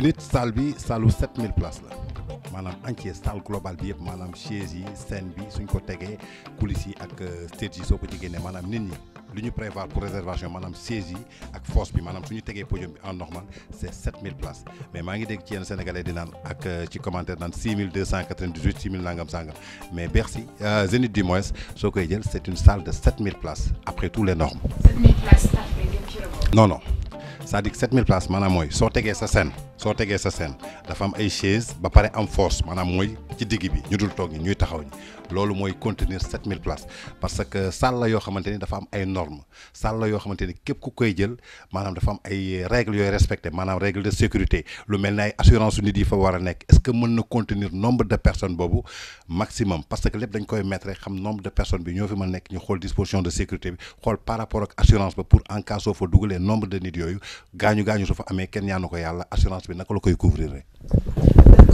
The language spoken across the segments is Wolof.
Zénith salle bi 7000 places la manam entier salle global bi yeb manam chaise yi scène bi suñ ko tegee coulisses yi ak euh, stage yi soko ko manam nit ñi lu ñu prévoir pour réservation manam siège yi ak force bi manam suñu ñu podium bi en normal c'est 7000 places mais maa ngi dégg ci yenn sénégalais di nan ak euh, ci commentaire nan 6298 6000 nangam sangam mais Bercy euh, Zénith du moins soko koy jël une salle de 7000 places après tous les normes. 7000 places non non ça dit dire 7000 places manam moy so tegee sa scène soo tegee sa scène dafa am ay chaise ba pare am force maanaam mooy ci digg bi ñu dul ñuy contenir 7000 places parce que salle yo xamanteni dafa am ay normes salle yo xamanteni xamante ku koy jël manam dafa am ay règles yo respecté manam règles de sécurité lu mel ay assurance nit yi fa wara nek est-ce que meun na contenir nombre de personnes bobu maximum parce que lepp dañ koy mettre xam nombre de personnes bi ñoo fi mën nekk ñu xol disposition de sécurité bi xol par rapport ak assurance ba pour en cas soo fa nombre de nit yoyu gañu gañu su amé amee kenn ñaanu ko yàlla assurance bi naka la koy couvrir.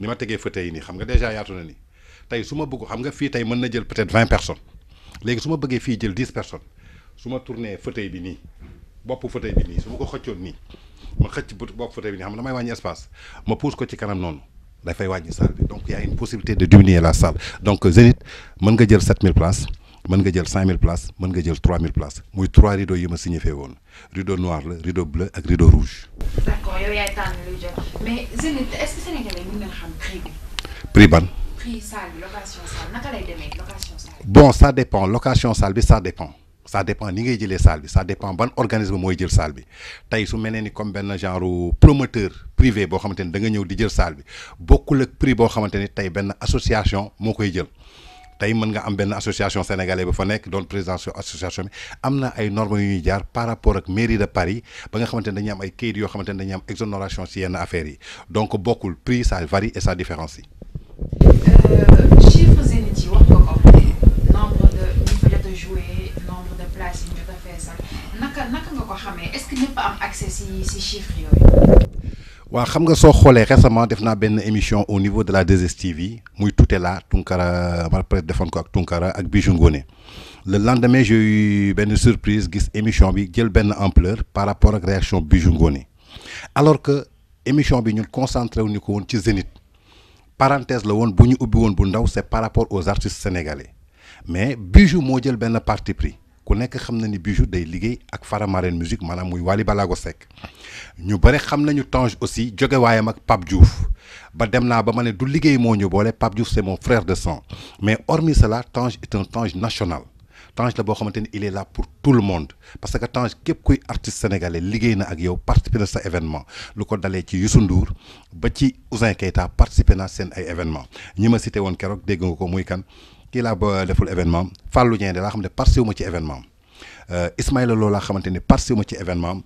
ni ma tegee fauteuil ni xam nga déjà yatuna ni tay suma ma bëgg xam nga fi tay mën jël peut-être 20 personnes légui suma bëggé fi jël 10 personnes suma tourner tourné fauteuil bi ni bop fauteuil bi ni suma ko xëccoon ni ma xëcc bop fauteuil bi ni xam nga damay wàññi espace ma pousse ko ci kanam da fay wàññi salle donc il y a une possibilité de diminuer la salle donc Zénith mën nga jël 7000 places. mën nga jël 5000 places mën nga jël 3000 places muy 3 rideaux yi ma signifié woon rideau noir le rideau bleu ak rideau rouge. d'accord yow yaay tan luy jot mais Zénith est-ce que sénégalais mën na xam prix bi. prix ban. prix salle location salle naka lay démé location salle. bon ça dépend location salle bi ça dépend. ça dépend ni ngay jëlee salle bi ça dépend ban organisme moy jël salle bi Tay su mel ni comme ben genre promoteur privé bo xamante da nga ñëw di jël salle bi bokkul ak prix bo xamante tay ben association mo koy jël tay mën nga am benn association sénégalais bi fa nekk doon président association bi am na ay normes yu ñuy jaar par rapport ak mairie de Paris ba nga xamante ne dañuy am ay kayit yoo xamante ne dañuy am exonération ci yenn affaires yi donc bokkul prix ça varie et ça différencie. Euh, chiffres Zénith yi wax ko nombre de ñu nombre de places yi ñu jot a naka naka nga ko xamee est-ce que ñëpp am accès si si chiffres yooyu. Je xam nga récemment j'ai fait émission au niveau de la TV. Tout est là, Tunkara ma peut ko Tunkara ak Bijou le lendemain j'ai eu une surprise gis émission bi jël une ampleur par rapport à la réaction de Ngoné alors que l'émission bi concentrée concentré sur le Zénith parenthèse la c'est par rapport aux artistes sénégalais mais Bijou a eu un parti pris ku nekk xam ni Bijou day liggéey ak Faramareen musique manam muy Wally Balago Seck ñu bari xamnañu Tange aussi joge wayam ak Pape Diouf ba dem naa ba mané du liggéey mo ñu boole Pape Diouf c'est mon frère de sang mais hormis cela Tange est un Tange national Tange la bo xamante il est là pour tout le monde parce que Tange kep kuy artiste sénégalais liggéey na ak yow participer na sa événement lu ko dalee ci Youssou Ndour ba ci ousain Keita participer na sen ay événement ñima cité won kérok dégg nga ko muy kan qui le full événement Fallou Dieng de laa parti ne moitié événement ismaïl euh, Ismaïla Lo laa parti au moitié événement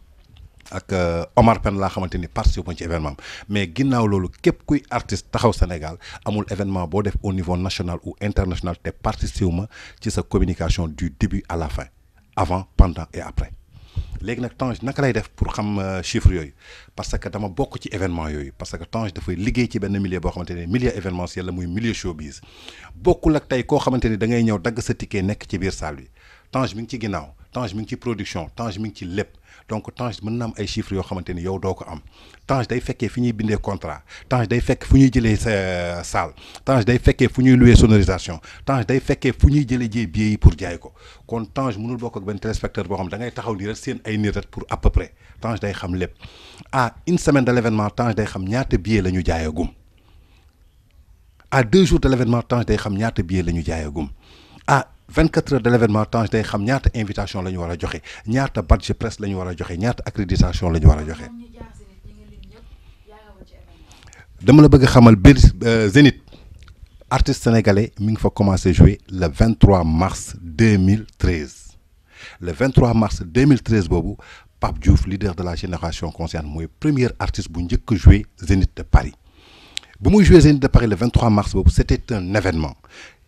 ak euh, Omar pen l'a xamante parti au moitié événement mais ginnaaw loolu képp kuy artiste taxaw Sénégal amul événement boo def au niveau national ou international te participer au ma ci sa communication du début à la fin avant pendant et après léegi nag Tange naka lay def pour xam euh, chiffre yooyu parce que dama bokk ci événement yooyu parce que Tange dafay liggéey ci benn milieu boo xamante ne milieu événementiel la muy milieu showbiz bokkul ak tey koo xamante ni da ngay ñëw dagg sa ticket nekk ci biir salle bi Tange mi ngi ci ginnaaw Tange mi ngi ci production Tange mi ngi ci lépp donc Tange mën na am ay chiffres yo xamanteni yow doko am Tange day fekkee fi ñuy contrat Tange day fekk fuñuy ñuy jëlee euh, salle Tange day fekkee fuñuy louer sonorisation Tange day fekkee fuñuy ñuy djé jee billet pour jaay ko kon Tange mënul bokk ak ben téléspectateur boo xam da ngay taxaw ni rek seen ay nit rek pour à peu près Tange day xam lépp à une semaine de l'événement Tange day xam ñaata billet la ñu jaayagum à deux jours de l'événement Tange day xam ñaata billet la ñu jaayagum ah 24 heures de l'événement Tange day xam ñaata invitation lañu wara war a joxe badge presse lañu wara accréditation lañu wara dama la bëgg xamal euh, Zénith artiste sénégalais mi ngi fa commencé jouer le 23 mars 2013 le 23 mars 2013 bobu Pape Diouf leader de la génération consciente le premier artiste bu a jouer Zénith de Paris bu muy jouer Zénith de Paris le 23 mars c'était un événement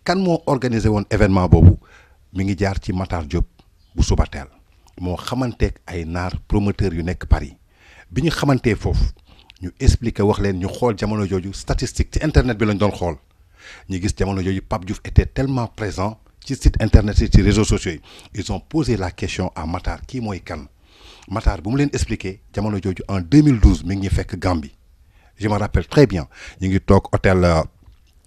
kan mo organisé won événement bobu mi ngi jaar ci Matar Diop bu subatel mo moo ay nar promoteur yu nek Paris biñu xamanté xamantee ñu expliquer wax leen ñu xol jamono joju statistique ci internet bi lañ doon xol ñi gis jamono joju pap Diouf était tellement présent ci site internet yi ci réseaux sociaux ils ont posé la question à Matar ki moy kan Matar bu mu leen expliqué jamono joju en 2012 mi ngi fekk Gambie je me rappelle très bien ñi ngi tok hôtel. Euh,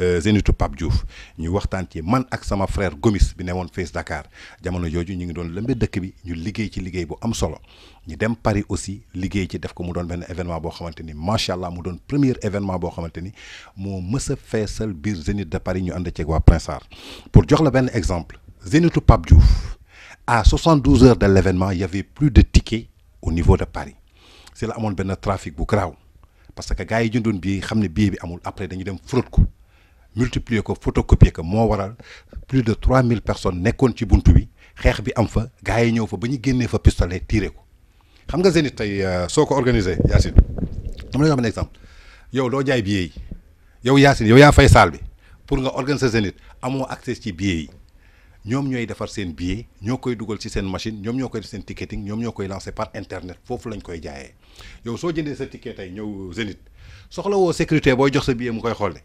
Euh, Zénithu Pape Diouf ñu waxtaan ci man ak sama frère Gomis bi néwon woon Face Dakar jamono joju ñu ngi doon lembé dëkk bi ñu liggéey ci liggéey bu am solo ñu dem Paris aussi liggéey ci def ko mu doon ben événement bo xamanteni ni macha allah mu doon premier événement bo xamanteni mo moo mës bir feesal Zénith de Paris ñu and ci wa Prince Art pour jox la ben exemple Zénithu Pape Diouf à 72 heures de l'événement, il y avait plus de tickets au niveau de Paris c'est la amone ben trafic bu garaaw parce que gaay jëndoon bi xamné ne bi amul après dañu dem fraude ko multiplier ko photocopier ko mo waral plus de 3000 personnes nekkoon ci buntu bi xex bi am fa gaay yi ñëw fa bañu ñu fa pistolet tiré ko xam nga Zénith tay euh, soko organiser yassine Yacine dama lay wax un exemple yow do jaay billet yow yassine yow ya fay salle bi pour nga organiser Zénith amo accès ci billet yi ñom ñoy défar seen billet ñokoy duggal ci seen machine ñom ñokoy koy seen ticketing ñom ñokoy lancer par internet fofu lañ koy jaayé yow so jëndé sa ticket tay ñëw Zénith soxla woo sécurité boy jox sa billet mu koy xolé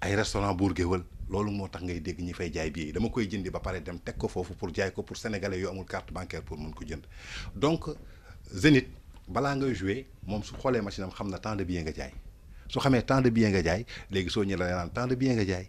ay restaurant buur lolou motax ngay dégg ñi fay jaay billet dama koy jëndi ba paré dem tek ko fofu pour jaay ko pour sénégalais yoo amul carte bancaire pour mën ko jënd donc Zénith bala nga jouer mom su xolé machinam xamna temps de bien nga jaay su xamé temps de bien nga jaay légui so ñëwee la naan tant de bien nga jaay.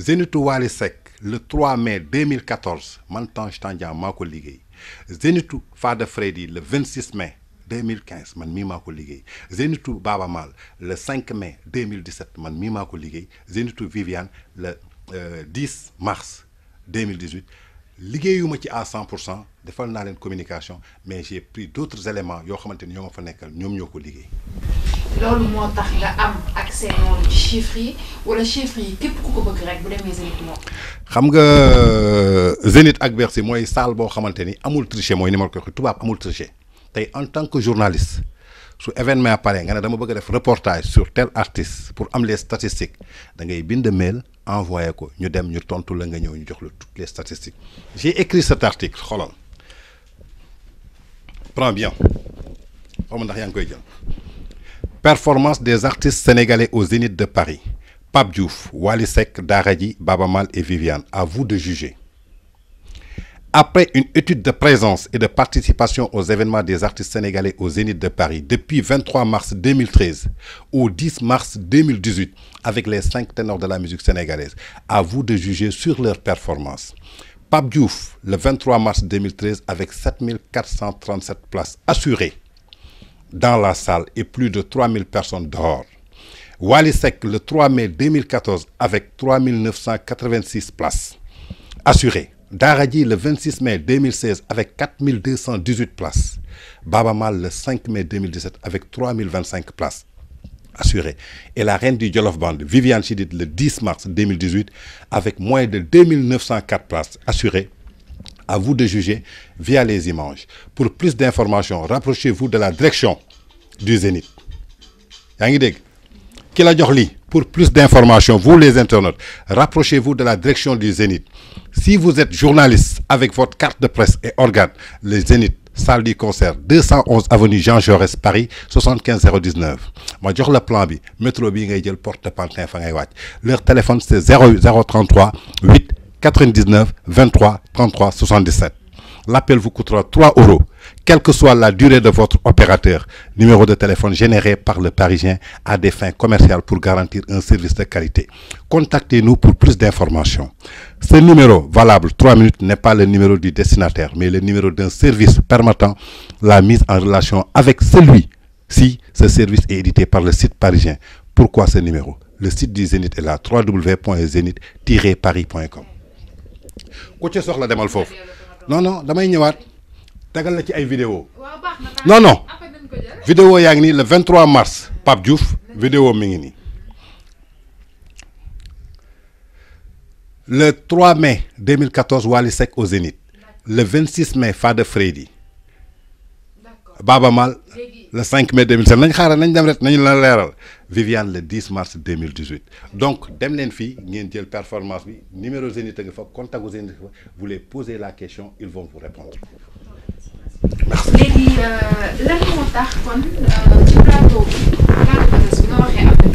Zenitou Walisek, le 3 mai 2014 man Tange Tandian maa ko Freddy le 26 mai 2015 man mii maa ko Baba Mal, le 5 mai 2017 man mii maa ko Viviane le 10 euh, mars 2018 liggéeyuma ci à 100 pour de defal communication mais j'ai pris d'autres éléments yo sont ni ma fa nekkal tax chiffres ou wala chiffres qui est ko vous rek bu que Zénith xam euh, en tant que journaliste sur événement événements nga reportage sur tel artiste pour amener les statistiques da ngay mail toutes les statistiques. j'ai écrit cet article prends bien Performance des artistes sénégalais au Zénith de Paris. Pape Diouf, Daradi, Babamal et Viviane. À vous de juger. Après une étude de présence et de participation aux événements des artistes sénégalais au Zénith de Paris depuis 23 mars 2013 au 10 mars 2018 avec les cinq ténors de la musique sénégalaise, à vous de juger sur leur performance. Pape Diouf, le 23 mars 2013 avec 7437 places assurées dans la salle et plus de 3000 personnes dehors. Walisek le 3 mai 2014 avec 3986 places assurées. Daradi le 26 mai 2016 avec 4218 places. Babamal le 5 mai 2017 avec 3025 places assurées. Et la reine du Jollof Band, Viviane Chidit, le 10 mars 2018 avec moins de 2904 places assurées à vous de juger via les images. Pour plus d'informations, rapprochez-vous de la direction du Zénith. Yangideg. pour plus d'informations vous les internautes rapprochez-vous de la direction du Zénith si vous êtes journaliste avec votre carte de presse et organe le Zénith salle du concert 211 avenue Jean Jaurès Paris 75 019 plan métro porte Pantin leur téléphone c'est 0033 8 99 23 33 77. L'appel vous coûtera 3 euros, quelle que soit la durée de votre opérateur. Numéro de téléphone généré par le Parisien à des fins commerciales pour garantir un service de qualité. Contactez-nous pour plus d'informations. Ce numéro, valable 3 minutes, n'est pas le numéro du destinataire, mais le numéro d'un service permettant la mise en relation avec celui si ce service est édité par le site parisien. Pourquoi ce numéro Le site du Zénith est là, www.zénith-paris.com. Qu'est-ce que soxla demal foofu non non damay ñëwaat une as ci ay vidéo non non vidéo est le 23 mars Pape Djouf. vidéo mi le 3 mai 2014 Wally au Zénith le 26 mai Father Freddy Baba Mal le 5 mai 2007 nañ xaaral nañ dem ret nañu la leeral Viviane le 10 mars 2018 donc dem len fi ngeen jël performance bi numéro Zénith a nga fa contact vous les posez la question ils vont vous répondre merci léegi euh, lan moo tax kon euh, ci plateau bi nga waxee am na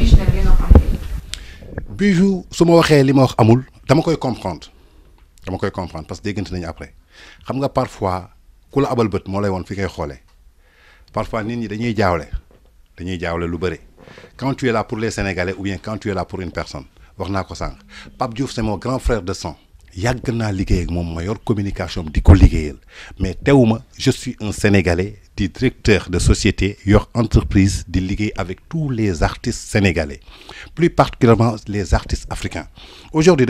bijou li nga li wax amul dama koy comprendre dama koy comprendre parce que déggante nañu après xam nga parfois ku abal beut mo lay won fi ngay parfois nit ñi dañuy quand tu es là pour les sénégalais ou bien quand tu es là pour une personne wax ko Diouf c'est mon grand frère de sang yàgg naa liggéey ak moom ma communication di ko mais je suis un sénégalais directeur de société yor entreprise di liggéey avec tous les artistes sénégalais plus particulièrement les artistes africains aujourd'hui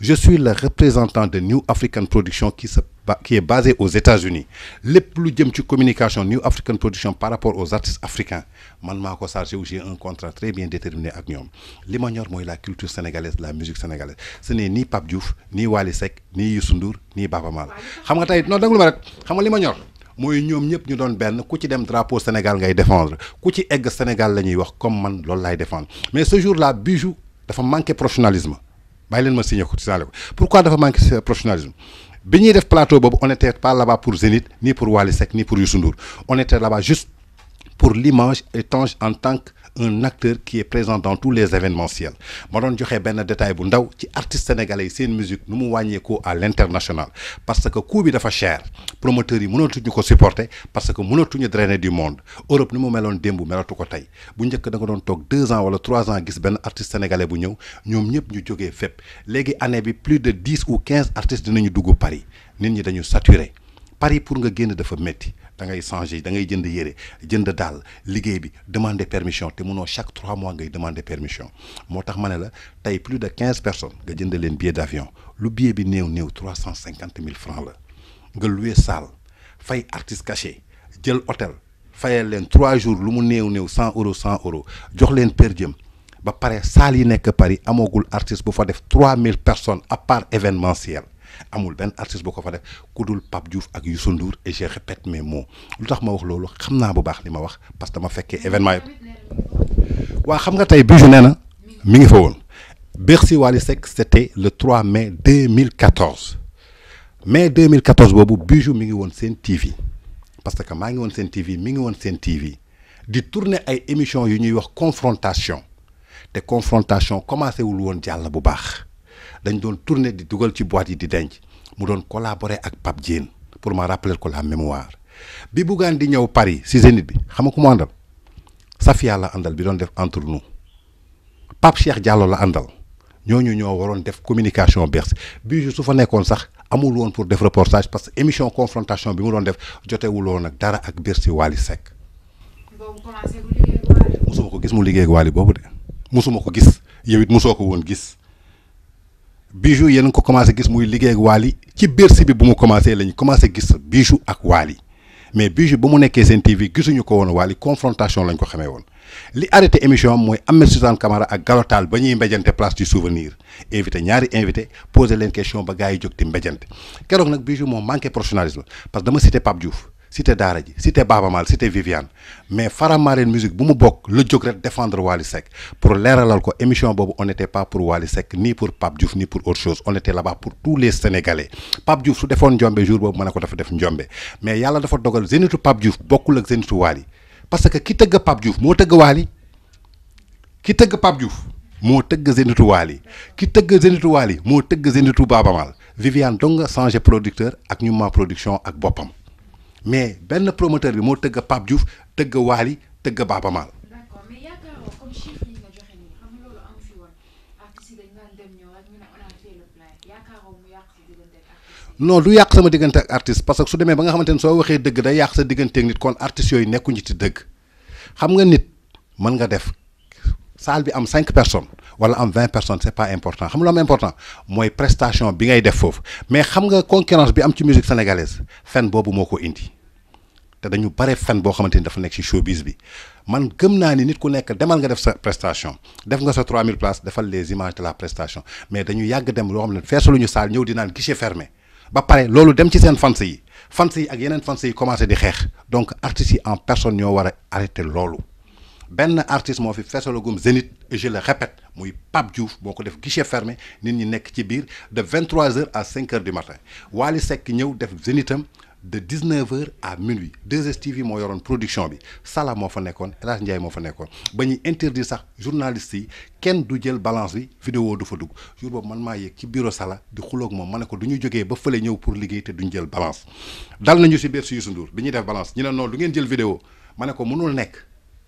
je suis le représentant de New African Production qui se qui est basé aux États-Unis Les plus jëm ci communication New African Production par rapport aux artistes africains man maa où j'ai un contrat très bien déterminé Avec nous, li la culture sénégalaise la musique sénégalaise ce n'est ni Pape Diouf ni Wally ni Youssou Ndour ni Baba Mal xam nga tey non déglu ma rek xam nga li ñor mooy ñoom ñëpp ñu doon ben ku ci dem drapeau Sénégal ngay défendre ku ci egg Sénégal la ñuy wax comme man défendre mais ce jour-là Bijou dafa manquer professionnalisme bay leen ma signé ko ci pourquoi dafa manqué professionnalisme plateau on n'était pas là-bas pour Zénith ni pour Walisek, ni pour Youssou on était là-bas juste pour l'image et en tant que un acteur qui est présent dans tous les événementiels Je vous joxe benn détail bu ndaw artistes sénégalais est une musique nu mu à l'international parce que coût bi dafa cher promoteurs yi mënatuñu ko supporter parce que pas drainer du monde Europe est mu meloon démb ko tey deux ans wala trois ans gis artiste sénégalais bu ñëw nous ñu nous plus de 10 ou 15 artistes dinañu Paris Nous sommes saturés. Paris pour nga tu de métti da ngay changer da ngay jënd yére demander permission Tu chaque trois mois ngay demander permission Je suis là, plus de 15 personnes qui ont un billet d'avion Le billet bi 350 000 francs la louer salle fay artiste caché un hôtel fay leen trois jours lu mu 100 100 euros 100 euros jox leen que Paris artiste bu fa trois personnes à part événementiel amul ben artiste boo ko fa def ku dul Diouf ak Youssou Ndour et je répète mes mots lutax ma wax lolu xamna bu baax li ma wax parce que dama fekkee événement yi waa xam nga tay Bijou nena mi ngi fawone Bercy Wally Seck c'était le 3 mai 2014 mai 2014 bobu Bijou mi ngi won sen TV parce que ma ngi won sen TV mi ngi won sen TV di tourner ay émission yu ñuy wax confrontation té confrontation commencé wul won jàll bu baax dañ doon tourner di dugal ci boîte yi di denc mu doon collaborer ak Pape Diène pour ma rappeler ko la mémoire bi Bougane di ñëw Paris si Zénith bi xam nga ku mu àndal Safia la andal bi doon def entre nous Pape Cheikh Diallo la andal. ñoñu ñoo waroon def communication Bercy bii su fa nekkoon sax amul woon pour def reportage parce que émission confrontation bi mu doon def jotewul woon ak dara ak Bercy Wally Seck. musuma ko gis mu liggéey ak Wally boobu de musuma ko gis yow it musoo ko woon gis. Bijou yéen ko commencé gis muy liggéey ak wali ci Bercy bi bu commencé lañ commencé gis Bijou ak wali mais Bijou bumu mu sen TV gisuñu ko won wali confrontation lañ ko xamé won li arrêté émission moy mooy Ahmed Camara ak Galotal ba ñuy place du souvenir invité ñaari invité poser leen question ba gaay yi jóg di kérok nak Bijou moom manqué professionnalisme parce que dama cité Pape Diouf cité Dara ji cité Baba Mal cité Viviane mais Faramareen musique bu mu bokk la jóg rek défendre Wali Sek pour leeralal ko émission bobu on n'était pas pour Wali Sek ni pour Pape Diouf ni pour autre chose on était là-bas pour tous les Sénégalais Pape Diouf su defoon njombe jour bobu manako dafa def njombe mais Yalla dafa dogal zénitu Pape Diouf bokkul ak zénitu Wali. parce que ki teug Pape Diouf mo teug Wali ki teug Pape Diouf mo teug zénitu Wali ki teug zénitu Wali mo teug zénitu Baba Mal Viviane dong nga changé producteur ak ñu ma production ak bopam mais benn promoteur bi moo tëgg a Pape Diouf tëgg a Waly tëgg a Baaba xam nga loolu am fi woon artistes du yàq sama diggante ak artiste parce que su demee ba nga xamante ne soo waxee dëgg day yàq sa diggante ak nit kon artistes yooyu nekkuñu ci dëgg xam nga nit mën nga def salle bi am cinq personnes. wala am 20 personnes c'est pas important xam lu am important moy prestation bi ngay def foofu mais xam nga concurrence bi am ci musique sénégalaise fan bobu moko indi té dañu paré fan bo xamante dafa nek ci showbiz bi man gëm na ni nit ku nek demal nga def sa prestation def nga sa 3000 places defal les images de la prestation mais dañu yag dem lo xam ne feesaluñu saal ñëw di naan guichet fermé ba paré lolu dem ci sen fans yi fans yi ak yenen fans yi commencé di xeex donc artistes yi en personne ñoo wara arrêter arrêté ben, artiste moo fi gum Zénith je le répète muy Pape Diouf boko def guichet fermé nit ñi nek ci biir de 23h à 5h du matin Wally Seck ñëw def Zénitham de 19h à minuit 2STV mo yoron production bi Sala mo fa nekkoon El ndjay mo fa nekkoon bañu ñuy interdire sax journaliste yi kenn du jël balance bi vidéo du fa dug jour bob man ma yek ci bureau Sala di xuloog moom ma ko du ñu ba feulé ñew pour liggéey te duñ jël balance. dal nañu ci biir si Youssou biñu def balance ñu ne noonu du ngeen jël vidéo ma ko mënul nekk.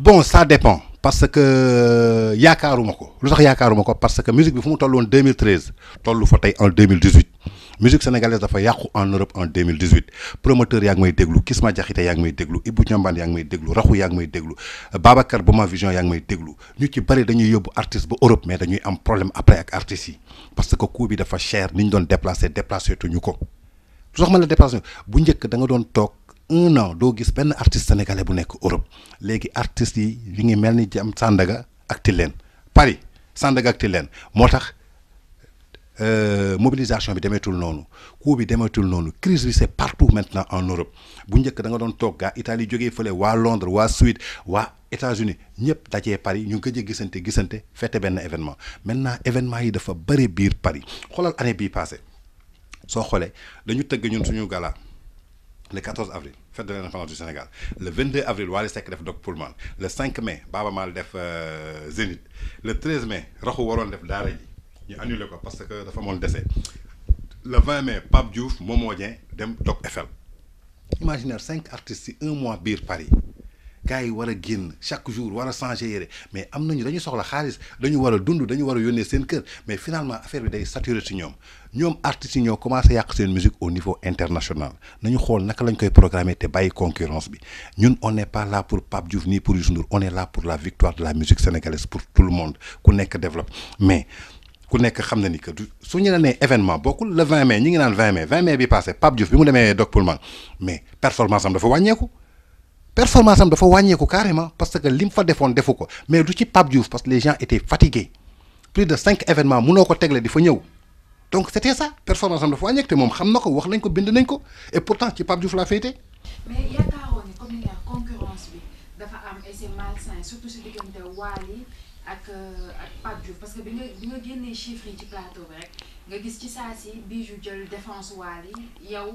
bon ça dépend parce que euh, yaakaaruma ko lu tax yaakaaruma parce que musique bi fu mu 2013 tollu fa tey en 2018 musique sénégalaise dafa Yakou en Europe en 2018 promoteur yaa ngi may déglu Kisma Jaxite yaa ngi may déglu Ibou Ñambaan yaa ngi may déglu Raxu yaa may déglu euh, Babacar Boma Vision yaa ngi may déglu ñu ci nous dañuy yóbbu artiste ba Europe mais dañuy am problème après ak artistes yi parce que coût bi dafa cher nous ñu doon déplacé déplacé tout nous lu tax ma la déplacé bu njëkk da nga doon toog un doo gis benn artiste sénégalais bu nekk Europe léegi artistes yi ñu ngi mel ni jam sàndaga ak Tilène Paris Sandaga ak Tilène moo tax euh, mobilisation bi demeetul noonu coup bi demeetul noonu crise bi c'est partout maintenant en Europe bu njëkk danga nga doon toog gaa Italie jógee fële waa Londres waa Suède waa États-Unis ñëpp dajee Paris ñu gëj a gisante gisante fête benn événement maintenant événement yi dafa bëri biir Paris xoolal année bii passé soo xoolee dañu tëgg ñun suñu gala. le 14 avril fête de l'indépendance du Sénégal le 22 avril Walisek Sek def Doc Pullman le 5 mai Baba Mal, def euh, Zénith le 13 mai Rahou Waron def Daara Il annule annulé parce que dafa mon décès le 20 mai Pape Diouf Momo dem Doc FL. Imaginez, 5 artistes un mois Bir Paris gars yi war a génn chaque jour war a changer yére mais am nañu dañu soxla xaalis dañu war a dund dañu war a yónnee seen kër mais finalement affaire bi day saturé ci ñoom ñoom artistes yi ñoo commencé à seen musique au niveau international nañu xool naka lañ koy programmer te bàyyi concurrence bi ñun on n'est pas là pour Pape Diouf ni pour Youssou on est là pour la victoire de la musique sénégalaise pour tout le monde ku nekk développe mais ku nekk xam ni que su ñu la nee événement le 20 mai ñi ngi naan 20 mai 20 mai bi passé Pape Diouf bi mu demee Doc monde, mais performance am dafa wàññeeku performance am dafa wàññeeku carrément parce que li défend fa defoon defu ko mais du ci Pape Diouf parce que les gens étaient fatigués plus de cinq événements munoo ko tegle di donc c'était ça performance de dafa wàññeeku te moom xam na ko wax nañ ko bind nañ ko et pourtant ci Pape Diouf la féete. mais y a comme y a concurrence bi dafa am et c' est malsain surtout si diggante Wally ak euh, ak Pape Diouf parce que bi nga bi chiffres yi ci plateau bi rek nga gis ci saa si Bijou jël défense Wally yow.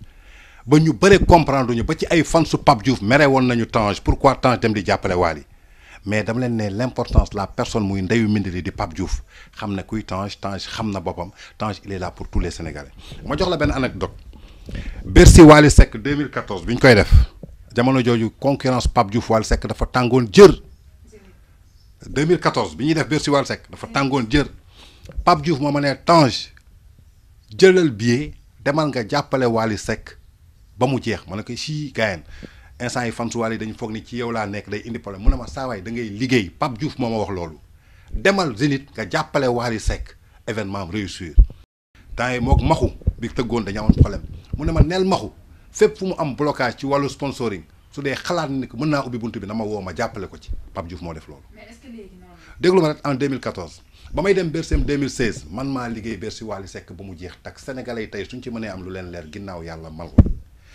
ba ñu bëre comprendre ñu ba ci ay fan su Pape Diouf méré won nañu Tange pourquoi Tange dem di jappalé Wali mais dama leen né l'importance la personne muy ndeyu Mindeli di Pape Diouf xamna kuy Tange Tange xamna bopam Tange il est là pour tous les Sénégalais ma jox la une anecdote Bercy Wali Sec 2014 biñ koy def jamono joju concurrence Pape Diouf wali Seck dafa tangone jër 2014 bi def Bercy Wali Seck dafa tangone jër Pape Diouf mo ma ne Tange jëlal billet demal nga jappalé Wali Sec bamou mu jeex ma ne ko si gaayen instant yi fansuwaale yi dañu foog ci yow la nek day indi problème mu sa way da ngay liggéey pap Diouf moma wax lolu demal zenith nga jappalé wali Seck événement réussir tay mok moog maxu bi teggone dañu amoon problème mu nel ma neel maxu fépp fu am blocage ci walu sponsoring su dee xalaat ni mën naa ubbi bi na ma woo ma jàppale ko ci pap Diouf mo def lolu mais est loolu déglu ma rek en 2014 bamay dem bersem 2016 man ma liggéey Bersi wali Seck ba mu jeex tak sénégalais tay suñ ci mënee am lu leen lèr ginnaw yalla mal ko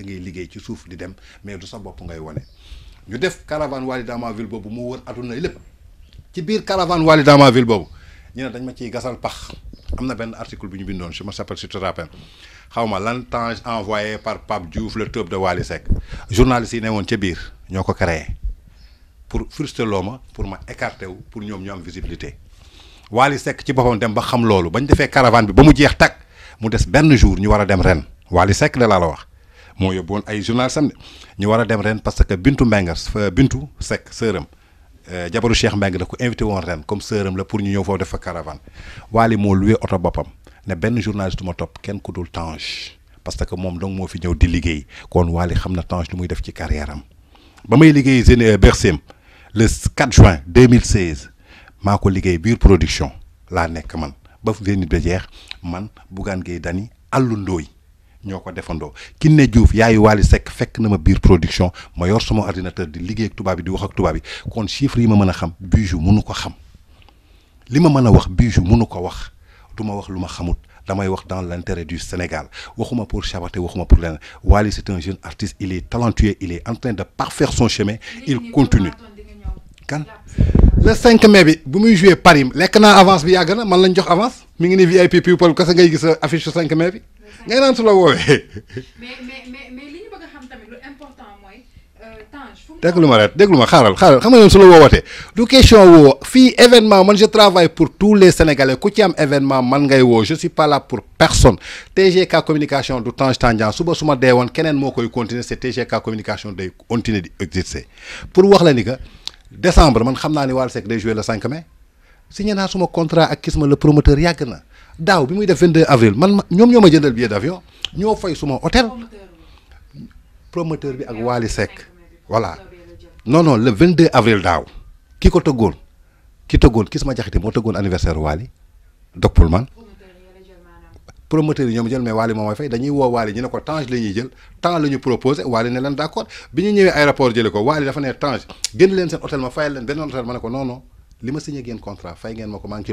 da ngay liggéey ci suuf di dem mais du sa bopp ngay wane ñu def caravane wali dans ma boobu mu wër àdduna lépp ci biir caravane wali dans ville boobu ñu ne dañ ma ciy gasal pax am na benn article bu ñu bindoon su ma rappelle si te rappelle xaw ma lan temps envoyé par Pape Diouf la tube de Wally Seck journaliste yi ne woon ca biir ñoo ko créé pour frustrer loo ma pour ma écarter wu pour ñoom ñu am visibilité Wally sekk ci boppam dem ba xam loolu bañ defee caravane bi ba mu jeex tag mu des benn jour ñu war a dem ren Wally Seck de laa la wax moo yóbbuwoon ay journal samedi ñu war a dem ren parce que Bintu Mbengue euh, Bintu sec sëram euh, jabaru Cheikh Mbengue da ko invité woon ren comme sëram la pour ñu ñëw foofu def caravane waali moo loué oto boppam ne benn journaliste du ma topp kenn ku dul Tange parce que moom donc moo fi ñëw di liggéey kon waali xam na Tange lu muy def ci carrière am ba may liggéey seen euh, le 4 juin 2016 maa ko liggéey biir production laa nekk man ba fi nit ba jeex man Bougane Gueye dani àllu ñoo ko defandoo Kiné Diouf yaayu wali Seck fekk na ma biir production ma yor sama ordinateur di liggéey ak tubaab bi di wax ak tubaab bi kon chiffre yi ma mën xam Bijou mënu ko xam lima ma wax Bijou mënu ko wax duma wax luma ma xamut damay wax dans l'intérêt du Sénégal waxuma pour chabaté waxuma pour len wali c'est un jeune artiste il est talentueux il est en train de parfaire son chemin il continue kan le 5 mai bi bu muy jouer Paris lekk naa avance bi yàgg na man lañ jox avance mi ngi ni VIP people kese ngay gis affiche 5 mai bi ngay naan la woowee. mais mais mais li ñu bëgg xam tamit lu important mooy euh, Tange. fu mu déglu ma rek déglu xaaral xaaral xam nga ñoom su la woowatee du question wo fi événement man je travaille pour tous les sénégalais ku ci am événement man ngay woo je suis pas là pour personne TGK communication du Tange Tandian suba suma ma dee woon keneen koy continuer c'est TGK communication day continuer di exister pour wax la ni que décembre man xam na ni Wally Seck day jouer le 5 mai signé na suma contrat ak Kisma le promoteur yàgg na. daaw bi muy def 22 avril man ma ñoom ñoo ma jëndal billet d'avion ñoo fay suma hôtel promoteur bi ak Waly Seck voilà non non le 22 avril daaw ki ko tëggoon ki tëggoon kis ma jaxite moo tëggoon anniversaire Waly Doc Pullman promoteur yi ñoom jël mais Waly moom mooy fay dañuy woo Waly ñu ne ko Tange la ñuy jël temps la ñu proposé ne leen d'accord bi ñu ñëwee aéroport jële ko Waly dafa ne Tange génn leen seen hôtel ma fayal leen benn hôtel ma ne ko non non li fay ngeen ma ko maa ngi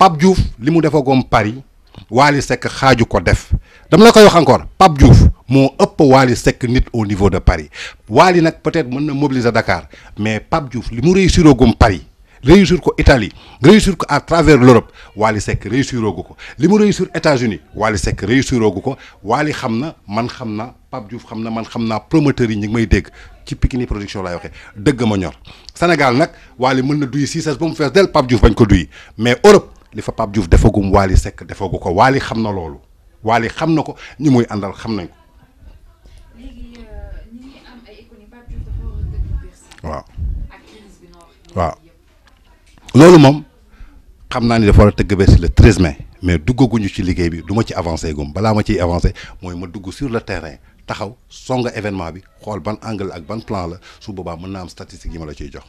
Pape Diouf li mu defagom Paris Wally Seck xaaju ko def Je la koy wax encore Pape Diouf moo ëpp Wally Sek nit au niveau de Paris Wally peut-être peut mobiliser Dakar mais Pape Diouf qu'il a réussir gom Paris réussir ko Italie réussir à travers l'Europe Wally Seck réussi. Ce ko a réussi réussir États-Unis Wally Sek réussir oogu ko Wally xam na man Pape Diouf sait, je man xam promoteur promoteurs ngi may dégg ci Pikini production laay waxee dëgg ma ñor Sénégal nag Wally mën na duy sii sas faire mu fees del Pape Diouf bañ ko mais Europe li fa pap Diouf defagum wali sek defagu wali xamna lolou wali loolu ko muy ko. léegi euh, ñi am ay bi ni le 13 mai mais duggaguñu ci bi duma ci avancer gum Ils ma ci avancer.. moy ma sur le terrain taxaw événement bi plan la su am statistique yi ma la